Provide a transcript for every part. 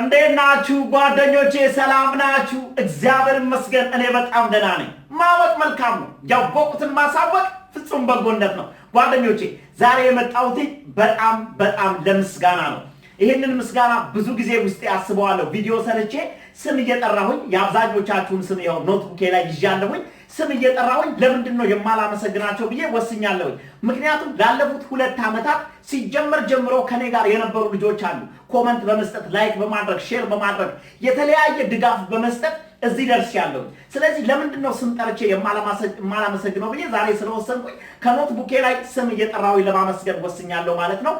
እንዴት ናችሁ ጓደኞቼ? ሰላም ናችሁ? እግዚአብሔር ይመስገን እኔ በጣም ደህና ነኝ። ማወቅ መልካም ነው። ያወቁትን ማሳወቅ ፍጹም በጎነት ነው። ጓደኞቼ ዛሬ የመጣሁት በጣም በጣም ለምስጋና ነው። ይህንን ምስጋና ብዙ ጊዜ ውስጤ አስበዋለሁ። ቪዲዮ ሰርቼ ስም እየጠራሁኝ የአብዛኞቻችሁን ስም ያው ኖትቡኬ ላይ ይዣለሁኝ ስም እየጠራውኝ ለምንድን ነው የማላመሰግናቸው ብዬ ወስኛለሁኝ። ምክንያቱም ላለፉት ሁለት ዓመታት ሲጀመር ጀምሮ ከኔ ጋር የነበሩ ልጆች አሉ። ኮመንት በመስጠት ላይክ በማድረግ ሼር በማድረግ የተለያየ ድጋፍ በመስጠት እዚህ ያለው ስለዚህ ለምንድን ነው ስም ጠርቼ የማላመሰግነው ብዬ ዛሬ ስለወሰንኩኝ ከኖት ቡኬ ላይ ስም እየጠራሁ ለማመስገን ወስኛለሁ ማለት ነው።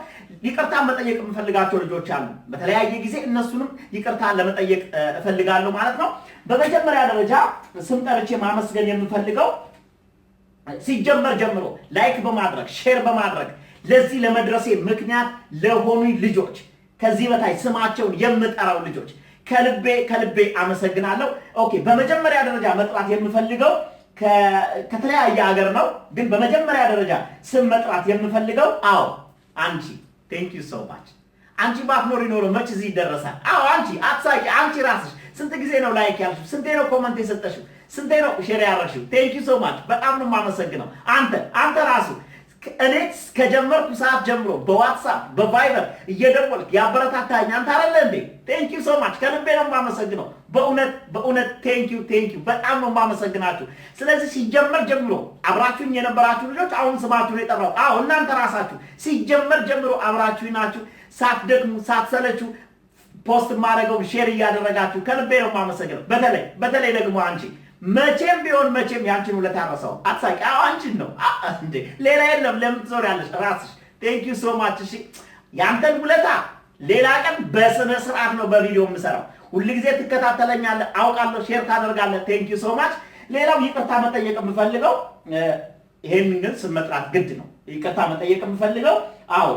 ይቅርታ መጠየቅ የምፈልጋቸው ልጆች አሉ። በተለያየ ጊዜ እነሱንም ይቅርታ ለመጠየቅ እፈልጋለሁ ማለት ነው። በመጀመሪያ ደረጃ ስም ጠርቼ ማመስገን የምፈልገው ሲጀመር ጀምሮ ላይክ በማድረግ ሼር በማድረግ ለዚህ ለመድረሴ ምክንያት ለሆኑ ልጆች ከዚህ በታች ስማቸውን የምጠራው ልጆች ከልቤ ከልቤ አመሰግናለሁ። ኦኬ፣ በመጀመሪያ ደረጃ መጥራት የምፈልገው ከተለያየ ሀገር ነው፣ ግን በመጀመሪያ ደረጃ ስም መጥራት የምፈልገው አዎ፣ አንቺ ቴንክ ዩ ሶ ማች። አንቺ ባትኖሪ ኖሮ መች እዚህ ይደረሳል። አዎ፣ አንቺ አትሳቂ፣ አንቺ ራስሽ ስንት ጊዜ ነው ላይክ ያልሽው? ስንቴ ነው ኮመንት የሰጠሽው? ስንቴ ነው ሼር ያረግሽው? ቴንክ ዩ ሶ ማች በጣም ነው የማመሰግነው። አንተ አንተ ራሱ እኔ ከጀመርኩ ሰዓት ጀምሮ በዋትሳፕ በቫይበር እየደወልክ ያበረታታኝ አንተ አይደለ እንዴ? ቴንክ ዩ ሶ ማች ከልቤ ነው የማመሰግነው። በእውነት በእውነት ቴንክ ዩ ቴንክ ዩ በጣም ነው የማመሰግናችሁ። ስለዚህ ሲጀመር ጀምሮ አብራችሁኝ የነበራችሁ ልጆች አሁን ስማችሁን የጠራው አዎ እናንተ ራሳችሁ ሲጀመር ጀምሮ አብራችሁኝ ናችሁ ሳትደክሙ ሳትሰለችሁ ፖስት ማድረገው ሼር እያደረጋችሁ ከልቤ ነው የማመሰግነው። በተለይ በተለይ ደግሞ አንቺ መቼም ቢሆን መቼም ያንቺን ውለታ ረሳው አትሳቂ። አዎ አንቺን ነው እንዴ ሌላ የለም። ለምን ትዞሪያለሽ? ራስሽ ቴንክ ዩ ሶ ማች። እሺ ያንተን ውለታ ሌላ ቀን በስነ ስርዓት ነው በቪዲዮ የምሰራው። ሁልጊዜ ትከታተለኛለህ፣ አውቃለሁ፣ ሼር ታደርጋለህ። ቴንክ ዩ ሶ ማች። ሌላው ይቅርታ መጠየቅ የምፈልገው ይሄን ግን ስመጥራት ግድ ነው። ይቅርታ መጠየቅ የምፈልገው አዎ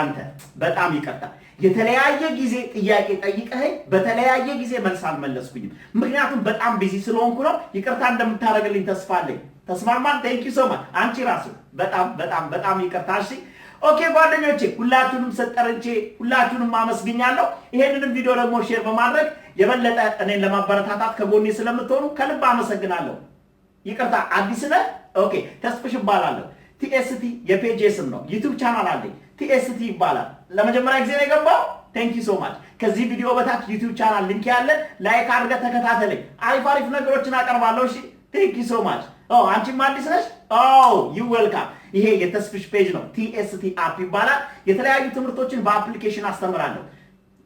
አንተ በጣም ይቅርታ፣ የተለያየ ጊዜ ጥያቄ ጠይቀኸኝ በተለያየ ጊዜ መልስ አልመለስኩኝም። ምክንያቱም በጣም ቢዚ ስለሆንኩ ነው። ይቅርታ እንደምታደርግልኝ ተስፋ አለኝ። ተስማማን። ቴንኪ ሶማ አንቺ ራሱ በጣም በጣም በጣም ይቅርታ። እሺ ኦኬ ጓደኞቼ፣ ሁላችሁንም ሰጠርቼ ሁላችሁንም አመስግኛለሁ። ይሄንንም ቪዲዮ ደግሞ ሼር በማድረግ የበለጠ እኔን ለማበረታታት ከጎኔ ስለምትሆኑ ከልብ አመሰግናለሁ። ይቅርታ፣ አዲስ ነህ? ኦኬ ተስፍሽ እባላለሁ። ቲኤስቲ የፔጅ ስም ነው። ዩቱብ ቻናል አለኝ ቲኤስቲ ይባላል። ለመጀመሪያ ጊዜ ነው የገባው። ቴንኪ ዩ ሶ ማች። ከዚህ ቪዲዮ በታች ዩቲዩብ ቻናል ሊንክ ያለ ላይክ አድርገ ተከታተለኝ። አሪፍ አሪፍ ነገሮችን አቀርባለሁ። እሺ ቴንክ ዩ ሶ ማች። አንቺም አዲስ ነሽ? ዩ oh, ዌልካም። ይሄ የተስፍሽ ፔጅ ነው። ቲኤስቲ አፕ ይባላል። የተለያዩ ትምህርቶችን በአፕሊኬሽን አስተምራለሁ።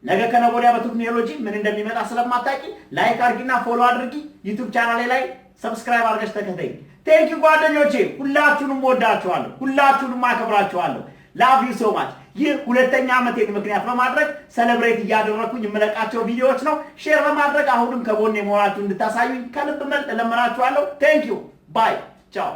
ነገ ከነገ ወዲያ በቴክኖሎጂ ምን እንደሚመጣ ስለማታውቂ ላይክ አድርጊና ፎሎ አድርጊ። ዩቲዩብ ቻናሌ ላይ ሰብስክራይብ አድርገሽ ተከተይ። ቴንኪ ጓደኞቼ፣ ሁላችሁንም ወዳችኋለሁ፣ ሁላችሁንም አከብራችኋለሁ። ላቭ ዩ ሶ ማች። ይህ ሁለተኛ ዓመቴን ምክንያት በማድረግ ሰለብሬት እያደረኩኝ የምለቃቸው ቪዲዮዎች ነው። ሼር በማድረግ አሁንም ከጎን የመሆናችሁ እንድታሳዩኝ ከልብ መልጥ ለምናችኋለሁ። ቴንክ ዩ ባይ ቻው።